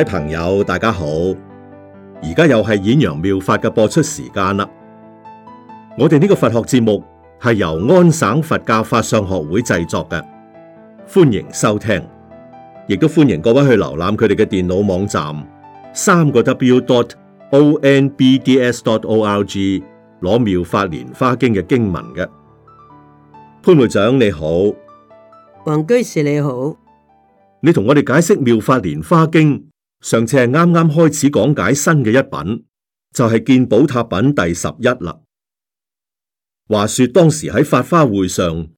各位朋友，大家好！而家又係顯揚妙法嘅播出時間啦。我哋呢個佛學節目係由安省佛教法相學會製作嘅，歡迎收聽，亦都歡迎各位去瀏覽佢哋嘅電腦網站三個 W dot O N B D S dot O R G，攞妙法蓮花經嘅經文嘅。潘會長你好，黃居士你好，你同我哋解釋妙法蓮花經。上次係啱啱開始講解新嘅一品，就係、是、見寶塔品第十一啦。話說當時喺法華會上，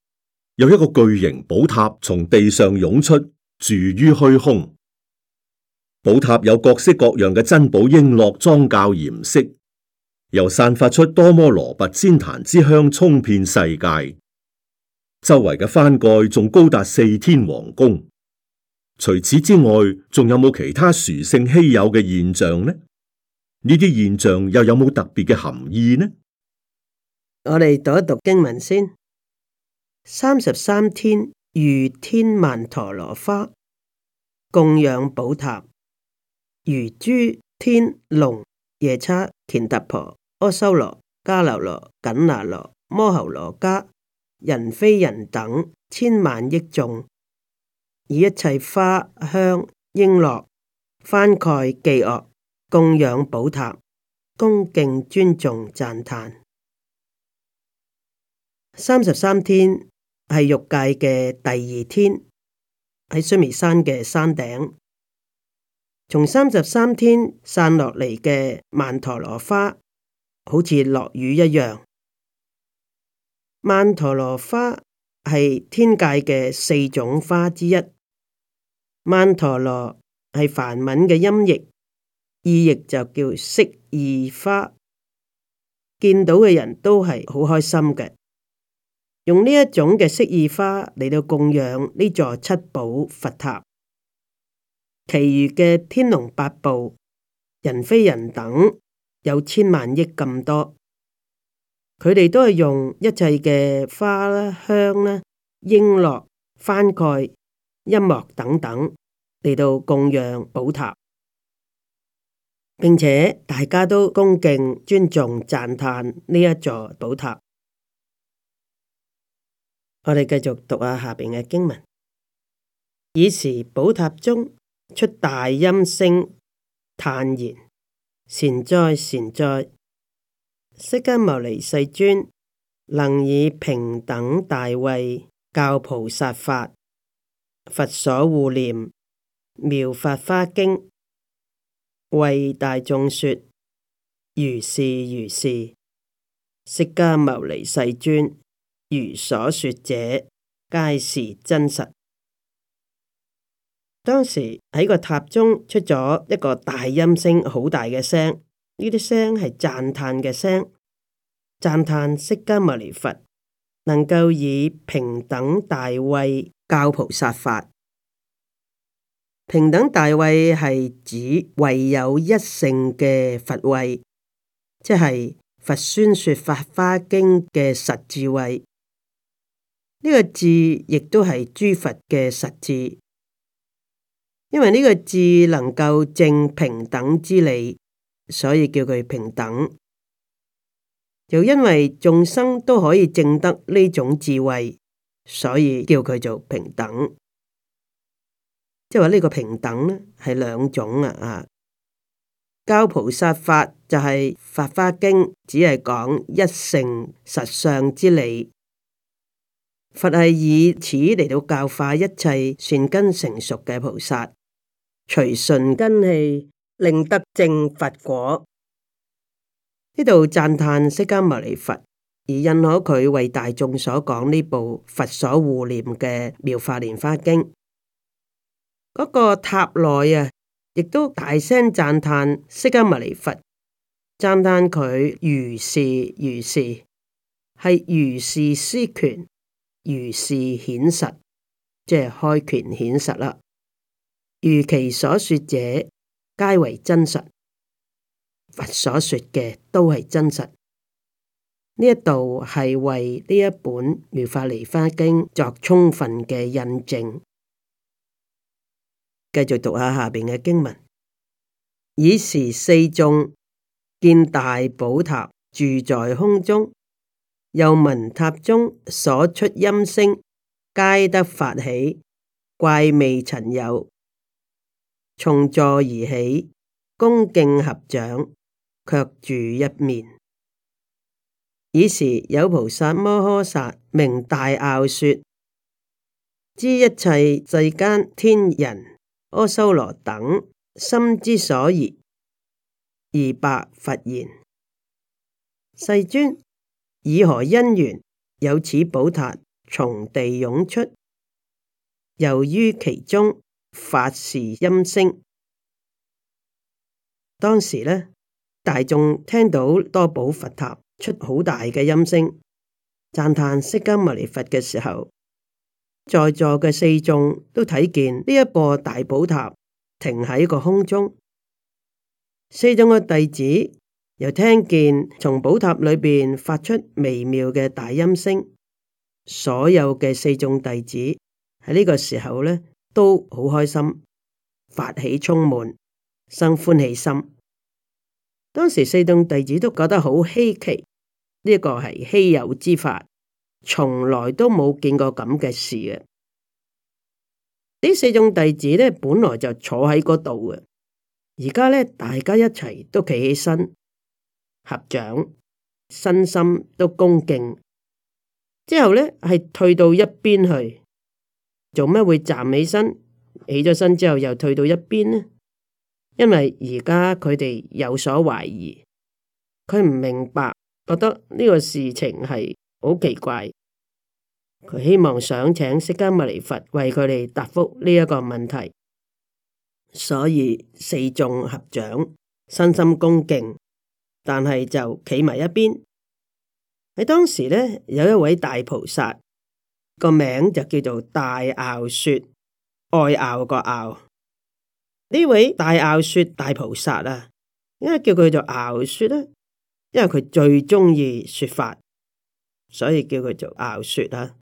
有一個巨型寶塔從地上湧出，住於虛空。寶塔有各式各樣嘅珍寶瓔珞裝教嚴飾，又散發出多摩羅跋栴檀之香，充遍世界。周圍嘅幡蓋仲高達四天王宮。除此之外，仲有冇其他殊勝稀有嘅現象呢？呢啲現象又有冇特別嘅含義呢？我哋讀一讀經文先。三十三天雨天曼陀羅花供養寶塔，餘諸天龍夜叉乾達婆阿修羅迦樓羅緊那羅摩睺羅伽人非人等千萬億眾。以一切花香瓔珞翻蓋伎樂，供養寶塔，恭敬尊重讚歎。三十三天係欲界嘅第二天，喺須彌山嘅山頂，從三十三天散落嚟嘅曼陀羅花，好似落雨一樣。曼陀羅花係天界嘅四種花之一，曼陀羅係梵文嘅音譯，意譯就叫色意花。見到嘅人都係好開心嘅。用呢一種嘅色意花嚟到供養呢座七寶佛塔，其餘嘅天龍八部、人非人等有千萬億咁多。佢哋都係用一切嘅花啦，香咧、瓔珞、幡蓋、音樂等等嚟到供養寶塔，並且大家都恭敬、尊重、讚歎呢一座寶塔。我哋繼續讀下下邊嘅經文以時寶塔中出大音聲，嘆言：善哉，善哉！釋迦牟尼世尊能以平等大慧教菩薩法，佛所護念，妙法花經為大眾說，如是如是。釋迦牟尼世尊如所說者，皆是真實。當時喺個塔中出咗一個大音聲，好大嘅聲。呢啲聲係讚歎嘅聲，讚歎釋迦牟尼佛能夠以平等大慧教菩薩法。平等大慧係指唯有一性嘅佛慧，即係佛宣說法花經嘅實智慧。呢個字亦都係諸佛嘅實字，因為呢個字能夠證平等之理。所以叫佢平等，又因為眾生都可以證得呢種智慧，所以叫佢做平等。即係話呢個平等呢，係兩種啊。啊，教菩薩法就係、是《法華經》，只係講一乘實相之理。佛係以此嚟到教化一切善根成熟嘅菩薩，隨順根器。令得正佛果。呢度讚嘆釋迦牟尼佛，而印可佢為大眾所講呢部《佛所護念》嘅妙法蓮華經。嗰個塔內啊，亦都大聲讚嘆釋迦牟尼佛，讚嘆佢如是如是，係如是施權，如是顯實，即係開權顯實啦。如其所說者。皆為真實，佛所說嘅都係真實。呢一度係為呢一本《妙法蓮華經》作充分嘅印證。繼續讀下下邊嘅經文：以時四眾見大寶塔住在空中，又聞塔中所出音聲，皆得法喜，怪未曾有。從座而起，恭敬合掌，卻住一面。以時有菩薩摩訶薩名大樂說：知一切世間天人阿修羅等心之所疑，而白佛言：世尊，以何因緣有此寶塔從地涌出，又於其中？法事音聲，當時咧，大眾聽到多寶佛塔出好大嘅音聲，讚歎釋迦牟尼佛嘅時候，在座嘅四眾都睇見呢一個大寶塔停喺個空中，四眾嘅弟子又聽見從寶塔裏邊發出微妙嘅大音聲，所有嘅四眾弟子喺呢個時候咧。都好開心，法喜充滿，生歡喜心。當時四眾弟子都覺得好稀奇，呢個係稀有之法，從來都冇見過咁嘅事啊！啲四眾弟子咧本來就坐喺嗰度嘅，而家咧大家一齊都企起身，合掌，身心都恭敬，之後咧係退到一邊去。做咩會站起身？起咗身之後又退到一邊呢？因為而家佢哋有所懷疑，佢唔明白，覺得呢個事情係好奇怪。佢希望想請釋迦牟尼佛為佢哋答覆呢一個問題，所以四眾合掌，身心恭敬，但係就企埋一邊。喺當時呢，有一位大菩薩。個名就叫做大樂說，愛樂個樂。呢位大樂說大菩薩啊，點解叫佢做樂說啦？因為佢最中意說法，所以叫佢做樂說啊。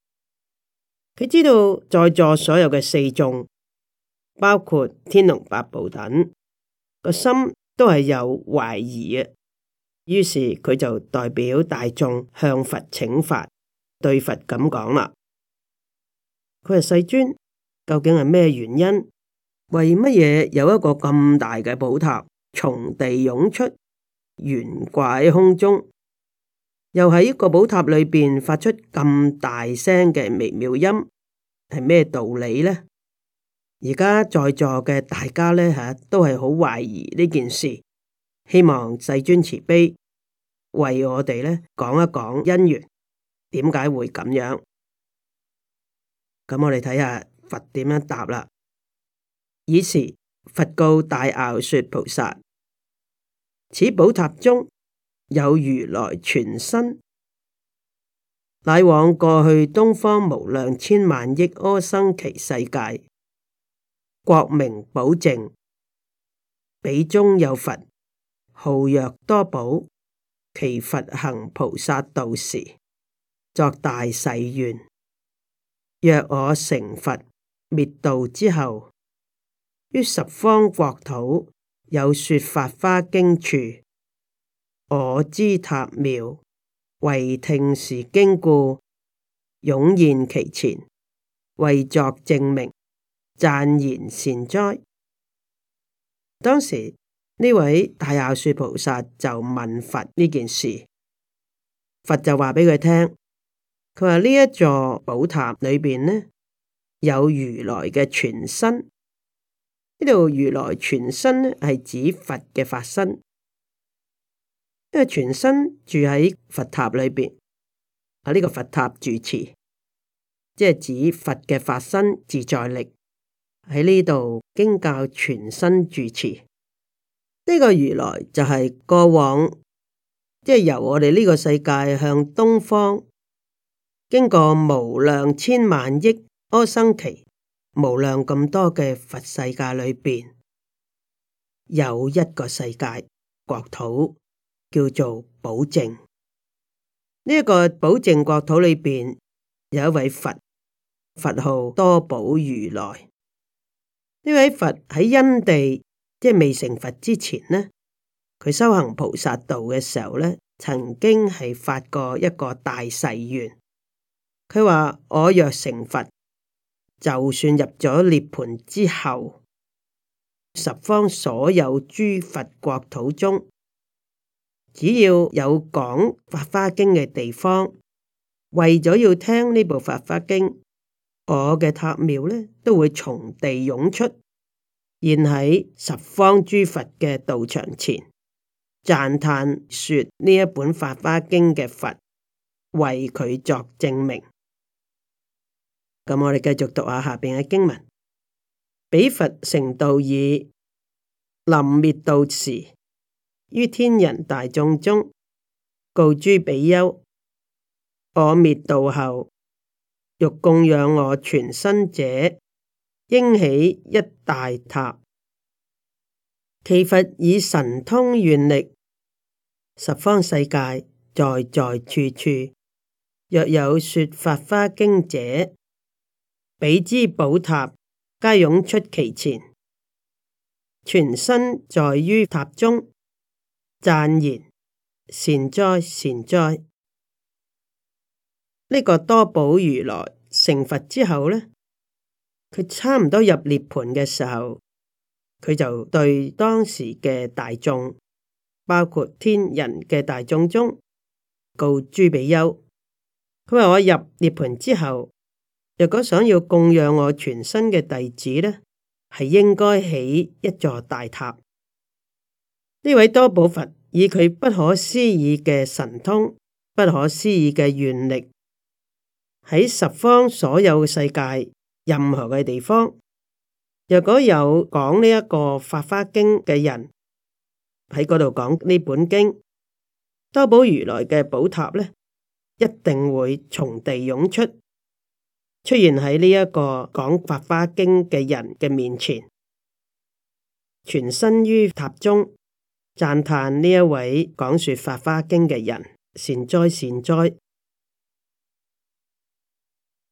佢知道在座所有嘅四眾，包括天龍八部等，個心都係有懷疑嘅。於是佢就代表大眾向佛請法，對佛咁講啦。佢係世尊，究竟係咩原因？為乜嘢有一個咁大嘅寶塔從地湧出，懸掛喺空中，又喺一個寶塔裏邊發出咁大聲嘅微妙音，係咩道理呢？而家在，在座嘅大家咧吓，都係好懷疑呢件事。希望世尊慈悲為我哋咧講一講因緣，點解會咁樣？咁我哋睇下佛點樣答啦。爾時佛告大樂說：菩薩，此寶塔中有如來全身，乃往過去東方無量千萬億阿僧祇世界，國名寶淨，彼中有佛號曰多寶，其佛行菩薩道時，作大誓願。若我成佛滅度之後，於十方國土有說法華經處，我之塔廟為聽是經故，涌現其前，為作證明，讚言善哉。當時呢位大樂說菩薩就問佛呢件事，佛就話畀佢聽。佢話呢一座寶塔裏邊咧有如來嘅全身。呢度如來全身咧係指佛嘅化身，因為全身住喺佛塔裏邊，喺呢個佛塔住持，即係指佛嘅化身自在力喺呢度經教全身住持。呢個如來就係過往，即係由我哋呢個世界向東方。經過無量千萬億阿僧祇無量咁多嘅佛世界裏邊，有一個世界國土叫做寶淨。呢、這、一個寶淨國土裏邊，有一位佛，佛號多寶如來。呢位佛喺因地，即係未成佛之前呢，佢修行菩薩道嘅時候呢，曾經係發過一個大誓願。佢話：我若成佛，就算入咗涅槃之後，十方所有諸佛國土中，只要有講《法華經》嘅地方，為咗要聽呢部《法華經》，我嘅塔廟呢都會從地湧出，現喺十方諸佛嘅道場前，讚歎說：呢一本《法華經》嘅佛為佢作證明。咁、嗯、我哋繼續讀下下邊嘅經文，彼佛成道已。臨滅度時，於天人大眾中告諸比丘：我滅度後，欲供養我全身者，應起一大塔。其佛以神通願力，十方世界在在處處，若有說法花經者。比之寶塔，皆湧出其前，全身在於塔中，讚言善哉善哉。呢個多寶如來成佛之後呢，佢差唔多入涅槃嘅時候，佢就對當時嘅大眾，包括天人嘅大眾中告諸比丘，佢話我入涅槃之後。若果想要供養我全身嘅弟子呢，係應該起一座大塔。呢位多寶佛以佢不可思議嘅神通，不可思議嘅願力，喺十方所有世界任何嘅地方，若果有講呢、這、一個法華經嘅人喺嗰度講呢本經，多寶如來嘅寶塔呢，一定會從地涌出。出現喺呢一個講《法華經》嘅人嘅面前，全身於塔中讚歎呢一位講說《法華經》嘅人，善哉善哉。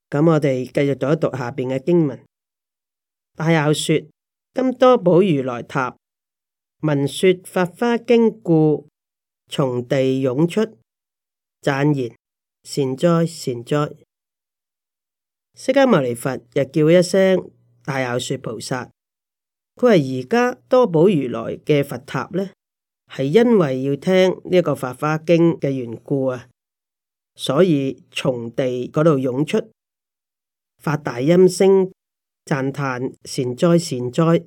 咁我哋繼續讀一讀下面嘅經文。大有說：今多寶如來塔聞說《法華經》故，從地涌出，讚言：善哉善哉。釋迦牟尼佛又叫一聲大樂說菩薩，佢話而家多寶如來嘅佛塔咧，係因為要聽呢、這、一個法華經嘅緣故啊，所以從地嗰度涌出發大音聲讚嘆善哉善哉，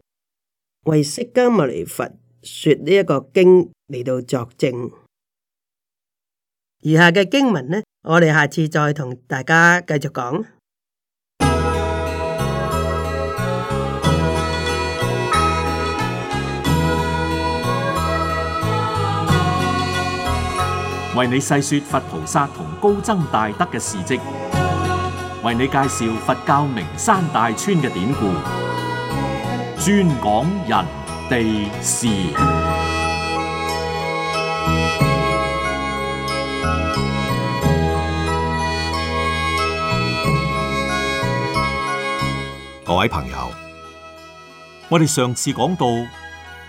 為釋迦牟尼佛說呢一個經嚟到作證。以下嘅經文呢，我哋下次再同大家繼續講。為你細說佛菩薩同高僧大德嘅事跡，為你介紹佛教名山大川嘅典故，專講人地事。各位朋友，我哋上次講到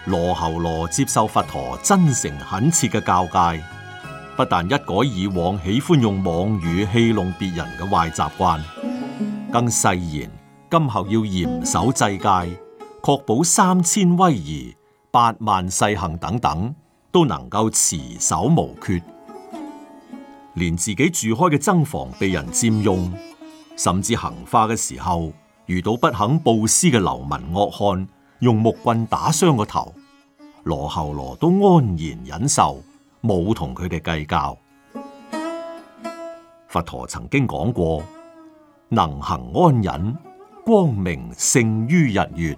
羅睺羅接受佛陀真誠懇切嘅教戒。不但一改以往喜歡用妄語戲弄別人嘅壞習慣更，更誓言今後要嚴守制戒，確保三千威儀、八萬細行等等都能夠持守無缺。連自己住開嘅僧房被人占用，甚至行化嘅時候遇到不肯布施嘅流民惡漢，用木棍打傷個頭，羅睺羅都安然忍受。冇同佢哋計較。佛陀曾經講過：能行安忍，光明勝於日月。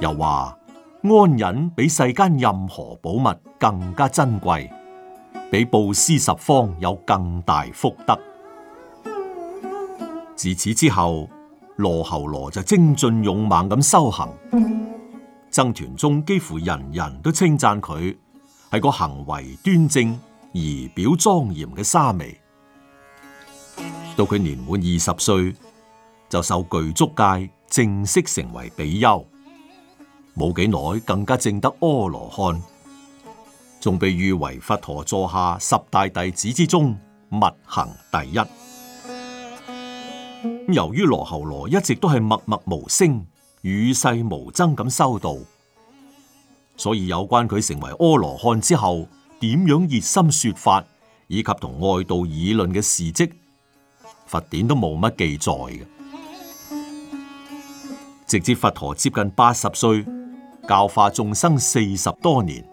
又話安忍比世間任何寶物更加珍貴，比布施十方有更大福德。自此之後，羅睺羅就精進勇猛咁修行，僧團中幾乎人人都稱讚佢。係個行為端正儀表莊嚴嘅沙彌，到佢年滿二十歲，就受具足戒，正式成為比丘。冇幾耐，更加證得阿羅漢，仲被譽為佛陀座下十大弟子之中密行第一。由於羅睺羅一直都係默默無聲、與世無爭咁修道。所以有關佢成為阿羅漢之後點樣熱心説法，以及同外道議論嘅事蹟，佛典都冇乜記載嘅。直至佛陀接近八十歲，教化眾生四十多年，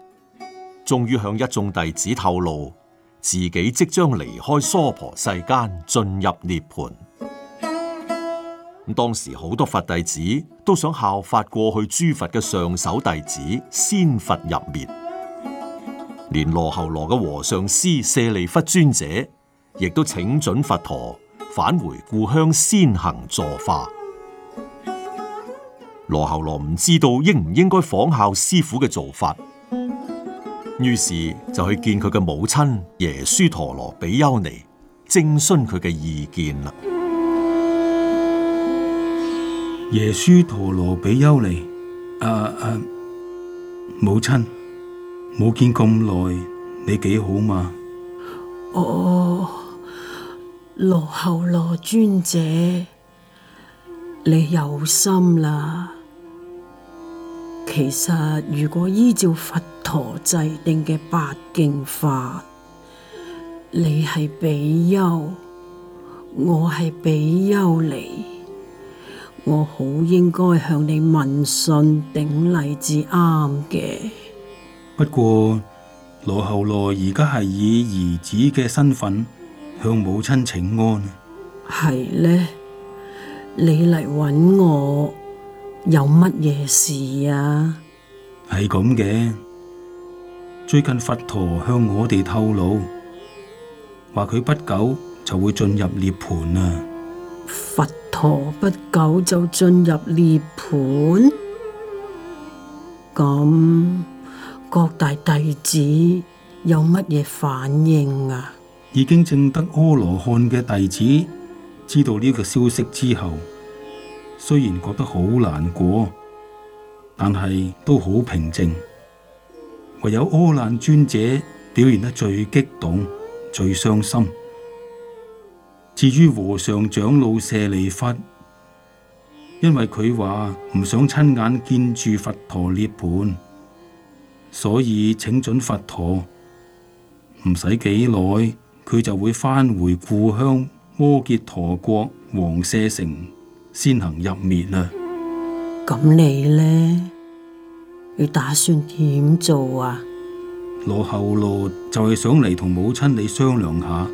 終於向一眾弟子透露，自己即將離開娑婆世間，進入涅槃。當時好多佛弟子都想效法過去諸佛嘅上首弟子先佛入滅，連羅睺羅嘅和尚師舍利弗尊者，亦都請准佛陀返回故鄉先行坐化。羅睺羅唔知道應唔應該仿效師傅嘅做法，於是就去見佢嘅母親耶輸陀羅比丘尼，徵詢佢嘅意見啦。耶輸陀羅比丘尼，啊啊，母親，冇見咁耐，你幾好嘛？哦，羅睺羅尊者，你有心啦。其實如果依照佛陀制定嘅八敬法，你係比丘，我係比丘尼。我好應該向你問訊頂禮至啱嘅。不過羅睺羅而家係以兒子嘅身份向母親請安。係呢，你嚟揾我有乜嘢事啊？係咁嘅，最近佛陀向我哋透露，話佢不久就會進入涅槃啊。佛，陀不久就進入涅盤咁各大弟子有乜嘢反應啊？已經證得阿羅漢嘅弟子知道呢個消息之後，雖然覺得好難過，但係都好平靜。唯有阿難尊者表現得最激動、最傷心。至於和尚長老舍利弗，因為佢話唔想親眼見住佛陀涅槃，所以請准佛陀唔使幾耐，佢就會返回,回故鄉摩揭陀國王舍城先行入滅啦。咁你呢？你打算點做啊？羅睺羅,路就係想嚟同母親你商量下。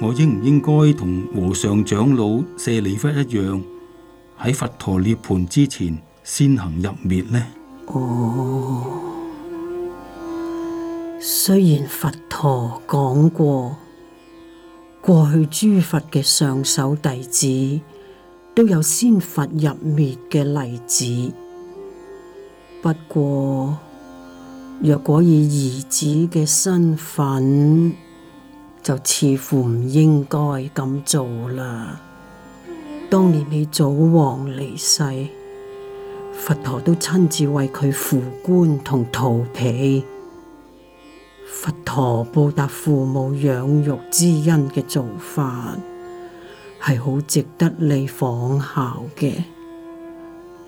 我應唔應該同和尚長老舍利弗一樣，喺佛陀涅盤之前先行入滅呢？哦，雖然佛陀講過，過去諸佛嘅上首弟子都有先佛入滅嘅例子，不過若果以兒子嘅身份，就似乎唔應該咁做啦。當年你祖王離世，佛陀都親自為佢扶棺同荼毗。佛陀報答父母養育之恩嘅做法，係好值得你仿效嘅。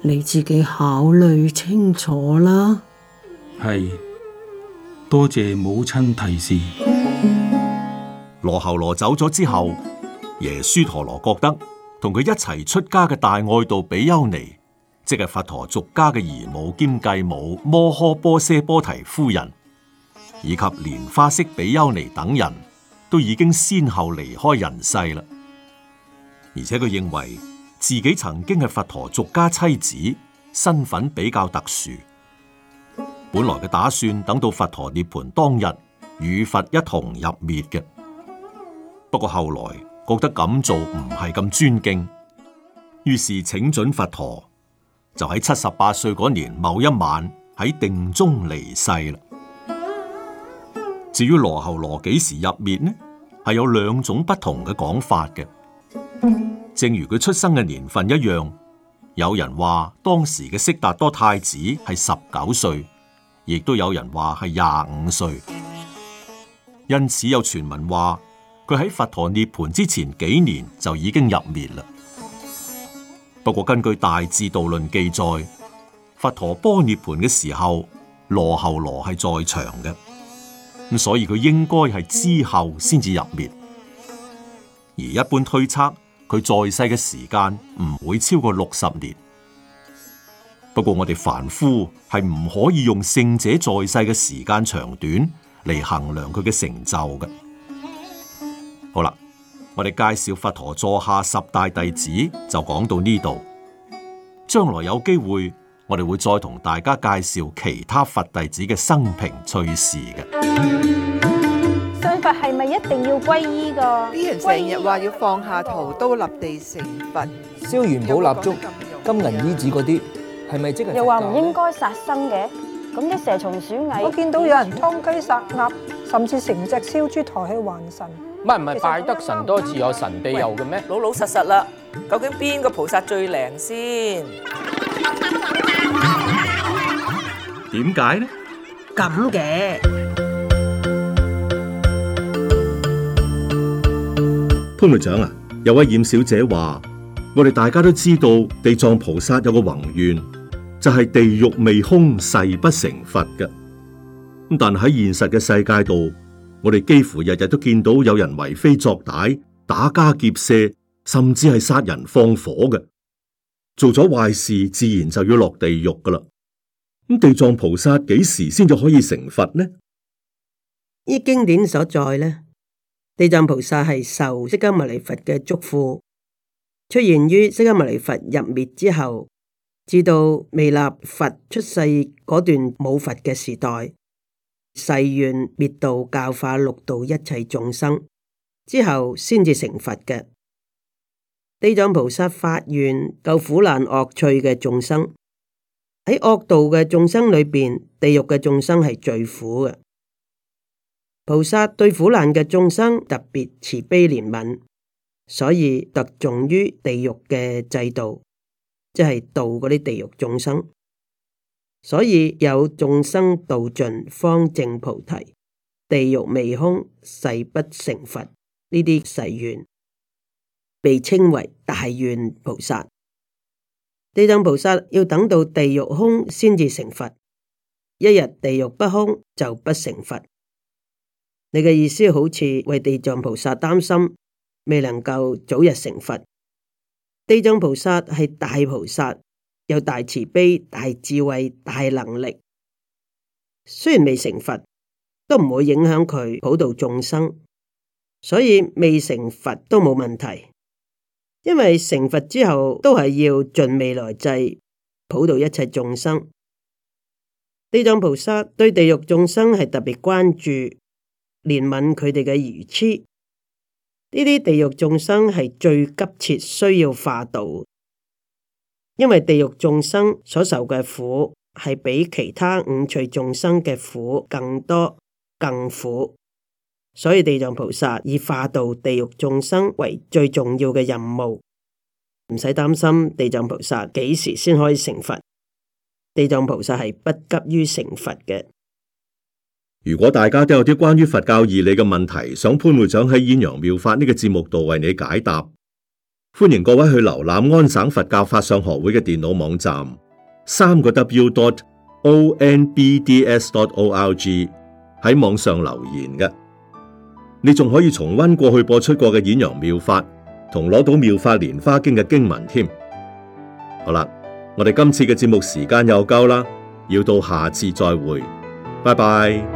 你自己考慮清楚啦。係，多謝母親提示。羅睺羅走咗之後，耶輸陀羅覺得同佢一齊出家嘅大愛道比丘尼，即係佛陀俗家嘅姨母兼繼母摩訶波奢波提夫人，以及蓮花式比丘尼等人都已經先後離開人世啦。而且佢認為自己曾經係佛陀俗家妻子，身份比較特殊，本來嘅打算等到佛陀涅槃當日與佛一同入滅嘅。不過後來覺得咁做唔係咁尊敬，於是請準佛陀，就喺七十八歲嗰年某一晚喺定中離世啦。至於羅睺羅幾時入滅呢？係有兩種不同嘅講法嘅，正如佢出生嘅年份一樣。有人話當時嘅悉達多太子係十九歲，亦都有人話係廿五歲。因此有傳聞話，佢喺佛陀涅槃之前幾年就已經入滅啦。不過根據《大智度論》記載，佛陀波涅槃嘅時候，羅睺羅係在場嘅，所以佢應該係之後先至入滅。而一般推測，佢在世嘅時間唔會超過六十年。不過我哋凡夫係唔可以用聖者在世嘅時間長短嚟衡量佢嘅成就嘅。好啦，我哋介紹佛陀座下十大弟子就講到呢度。將來有機會，我哋會再同大家介紹其他佛弟子嘅生平趣事嘅。信佛係咪一定要皈依噶？啲人成日話要放下屠刀立地成佛，燒元寶、蠟燭、金銀衣紙嗰啲，係咪即係？又話唔應該殺生嘅，咁啲蛇蟲鼠蟻，我見到有人劏雞殺鴨，甚至成隻燒豬抬去還神。唔係唔係，拜得神多自有神庇佑嘅咩？老老實實啦，究竟邊個菩薩最靈先？點解咧？咁嘅潘隊長啊，有位嚴小姐話：我哋大家都知道地藏菩薩有個宏願，就係地獄未空，誓不成佛嘅。咁但喺現實嘅世界度。我哋幾乎日日都見到有人為非作歹、打家劫舍，甚至係殺人放火嘅做咗壞事，自然就要落地獄噶啦。咁地藏菩薩幾時先至可以成佛呢？依經典所在呢，地藏菩薩係受釋迦牟尼佛嘅囑咐，出現於釋迦牟尼佛入滅之後，至到彌勒佛出世嗰段冇佛嘅時代，誓願滅度教化六道一切眾生之後，先至成佛嘅。地藏菩薩發願救苦難惡趣嘅眾生，喺惡道嘅眾生裏邊，地獄嘅眾生係最苦嘅。菩薩對苦難嘅眾生特別慈悲憐憫，所以特重於地獄嘅制度，即係度嗰啲地獄眾生。所以有眾生度盡方證菩提，地獄未空誓不成佛。呢啲誓願，被稱為大願菩薩。地藏菩薩要等到地獄空先至成佛，一日地獄不空就不成佛。你嘅意思好似為地藏菩薩擔心，未能夠早日成佛。地藏菩薩係大菩薩。有大慈悲、大智慧、大能力，雖然未成佛，都唔會影響佢普度眾生，所以未成佛都冇問題。因為成佛之後都係要盡未來際普度一切眾生。呢尊菩薩對地獄眾生係特別關注，憐憫佢哋嘅愚痴，呢啲地獄眾生係最急切需要化導。因為地獄眾生所受嘅苦係比其他五趣眾生嘅苦更多、更苦，所以地藏菩薩以化度地獄眾生為最重要嘅任務。唔使擔心地藏菩薩幾時先可以成佛，地藏菩薩係不急於成佛嘅。如果大家都有啲關於佛教義理嘅問題，想潘會長喺《演揚妙法》呢、這個節目度為你解答。歡迎各位去瀏覽安省佛教，教法上學會嘅電腦網站，三個 W dot O N B D S dot O R G 喺網上留言嘅。你仲可以重温過去播出過嘅演揚妙法，同攞到妙法蓮花經嘅經文添。好啦，我哋今次嘅節目時間又夠啦，要到下次再會，拜拜。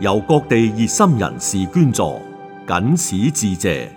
由各地熱心人士捐助，謹此致謝。